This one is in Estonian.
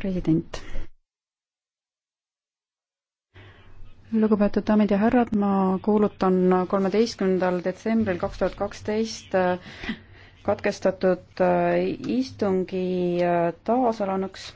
president. lugupeetud daamid ja härrad, ma kuulutan kolmeteistkümnendal detsembril kaks tuhat kaksteist äh, katkestatud äh, istungi äh, taasalanuks